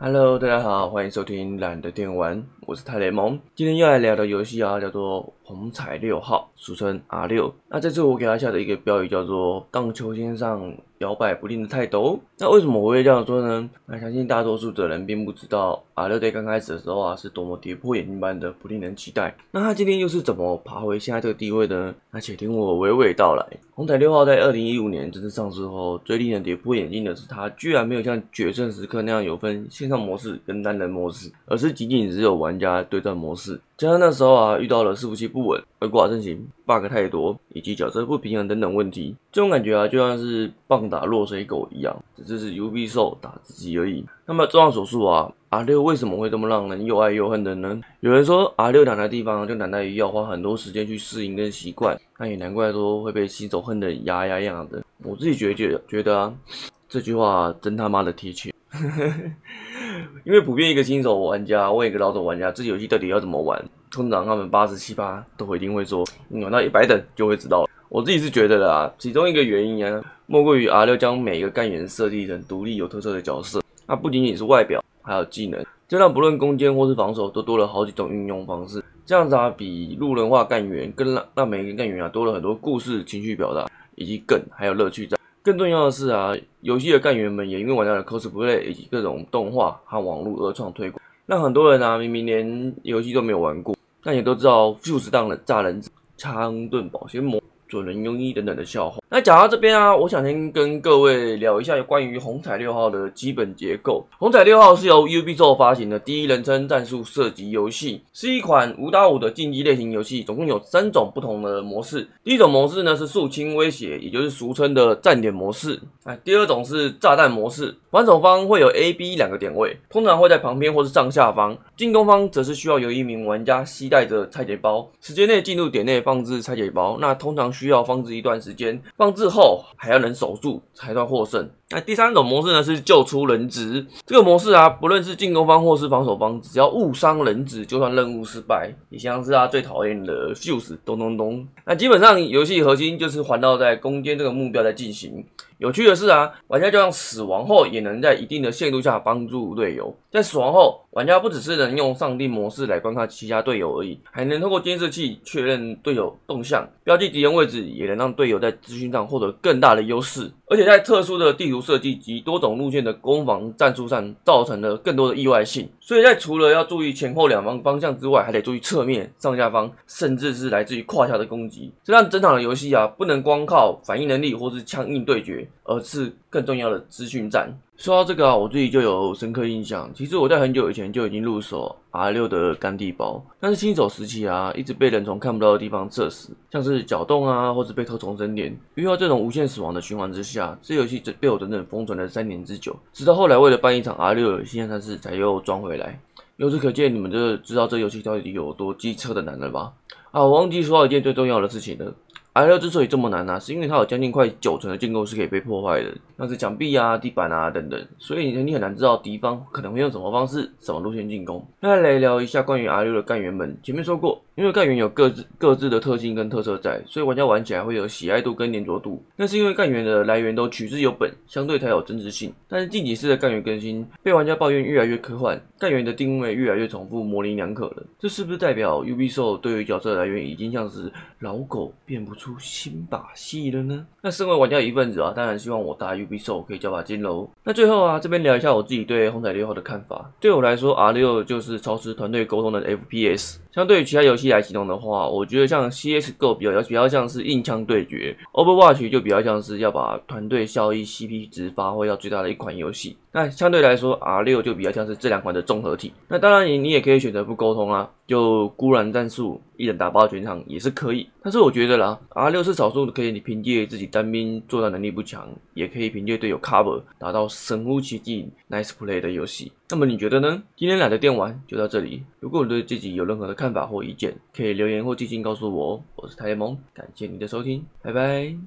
Hello，大家好，歡迎收聽懶的電玩。我是泰雷蒙，今天要來聊的遊戲啊，叫做虹彩六號，俗稱阿六。那這次我給他下的一個標語叫做“盪秋千上搖擺不定的泰斗”。那為什麼我會這樣說呢？那相信大多數的人並不知道阿六在剛開始的時候啊，是多麼跌破眼鏡般的不令人期待。那他今天又是怎麼爬回現在這個地位的呢？那且聽我娓娓道來。虹彩六號在二零一五年正式上市後，最令人跌破眼鏡的是他，他居然沒有像決勝時刻那樣有分線上模式跟單人模式，而是僅僅只有玩。加對戰模式，加上那時候啊，遇到了伺服器不穩、外掛橫行、bug 太多以及角色不平衡等等問題。這種感覺啊，就像是棒打落水狗一樣，只是 Ubisoft 打自己而已。那麼綜上所述啊，阿六為什麼會這麼讓人又愛又恨的呢？有人說阿六難的地方就難在於要花很多時間去適應跟習慣，那也難怪說會被新手恨的牙癢癢的。我自己覺得覺得、啊，這句話、啊、真他媽的貼切。 因為普遍一個新手玩家問一個老手玩家，這遊戲到底要怎麼玩？通常他們八十七八都會一定會說，你玩到一百等就會知道了。我自己是覺得啦、啊，其中一個原因啊，莫過於阿六將每個幹員設計成獨立有特色的角色，那不僅僅是外表，還有技能，這讓不論攻堅或是防守都多了好幾種運用方式。這樣子啊，比路人化幹員更讓讓每個幹員啊多了很多故事情緒表達，以及梗還有樂趣在。更重要的是啊，遊戲的幹員們也因為玩家的 cosplay 以及各種動畫和網絡二創推廣，讓很多人啊明明連遊戲都沒有玩過，但也都知道 Fuse 當了炸人槍盾保鮮膜。准人庸醫等等的笑話。那講到這邊啊，我想先跟各位聊一下有關於《虹彩六號》的基本結構。《虹彩六號》是由 UBZ 發行的第一人稱戰術射擊遊戲，是一款五打五的競技類型遊戲，總共有三種不同的模式。第一種模式呢是肅清威脅，也就是俗稱的站點模式。哎，第二種是炸彈模式，防守方會有 A、B 兩個點位，通常會在旁邊或是上下方，進攻方則是需要由一名玩家攜帶着拆解包，時間內進入點內放置拆解包。那通常。需要放置一段時間，放置後還要能守住才算獲勝。那第三種模式呢？是救出人質。這個模式啊，不論是進攻方或是防守方，只要誤傷人質，就算任務失敗。以前是他、啊、最討厭的 Fuze。咚咚咚。那基本上遊戲核心就是環繞在攻堅這個目標在進行。有趣的是啊，玩家就像死亡後也能在一定的限度下幫助隊友。在死亡後，玩家不只是能用上帝模式來觀看其他隊友而已，還能透過監視器確認隊友動向、標記敵人位置，也能讓隊友在資訊上獲得更大的優勢。而且在特殊的地圖設計及多種路線的攻防戰術上，造成了更多的意外性。所以在除了要注意前後兩方方向之外，還得注意側面上下方，甚至是來自於胯下的攻擊。這讓整場的遊戲啊，不能光靠反應能力或是槍硬對決，而是更重要的資訊戰。說到這個啊，我自己就有深刻印象。其實我在很久以前就已經入手 R6 的肝帝包，但是新手時期啊，一直被人從看不到的地方射死，像是腳洞啊，或者被偷重生點。遇到這種無限死亡的循環之下，這遊戲被我整整封存了三年之久。直到後來為了辦一場 R6 的新鮮賽事，才又裝回來。由此可見，你們就知道這遊戲到底有多機車的難了吧？啊，我忘記說到一件最重要的事情了。R 六之所以這麼難呢、啊，是因為它有將近快九成的建構是可以被破壞的，像是牆壁啊、地板啊等等，所以你你很難知道敵方可能會用什麼方式、什麼路線進攻。那來聊一下關於 R 六的幹員們。前面說過，因為幹員有各自各自的特性跟特色在，所以玩家玩起來會有喜愛度跟粘着度。那是因為幹員的來源都取之有本，相對才有真實性。但是近幾次的幹員更新，被玩家抱怨越來越科幻，幹員的定位越來越重複、模棱兩可了，這是不是代表 Ubisoft 對於角色來源已經像是老狗變不出？出新把戲了呢？那身為玩家一份子啊，當然希望我大 UP 秀可以交把金嘍。那最後啊，這邊聊一下我自己對紅彩六號的看法。對我來說，R 六就是超時團隊溝通的 FPS。相對於其他遊戲來形容的話，我覺得像 C S go 比較比較像是硬槍對決，Overwatch 就比較像是要把團隊效益 C P 值發揮到最大的一款遊戲。那相對來說，R 六就比較像是這兩款的綜合體。那當然你，你你也可以選擇不溝通啊，就孤狼戰術，一人打爆全場也是可以。但是我覺得啦，R 六是少數可以你憑借自己單兵作戰能力不強，也可以憑借隊友 cover 達到神乎其技 nice play 的遊戲。那麼你覺得呢？今天懶的電玩就到這裡。如果你對自己有任何的看法，看法或意見可以留言或私信告訴我。我是台聯盟，感謝你的收聽，拜拜。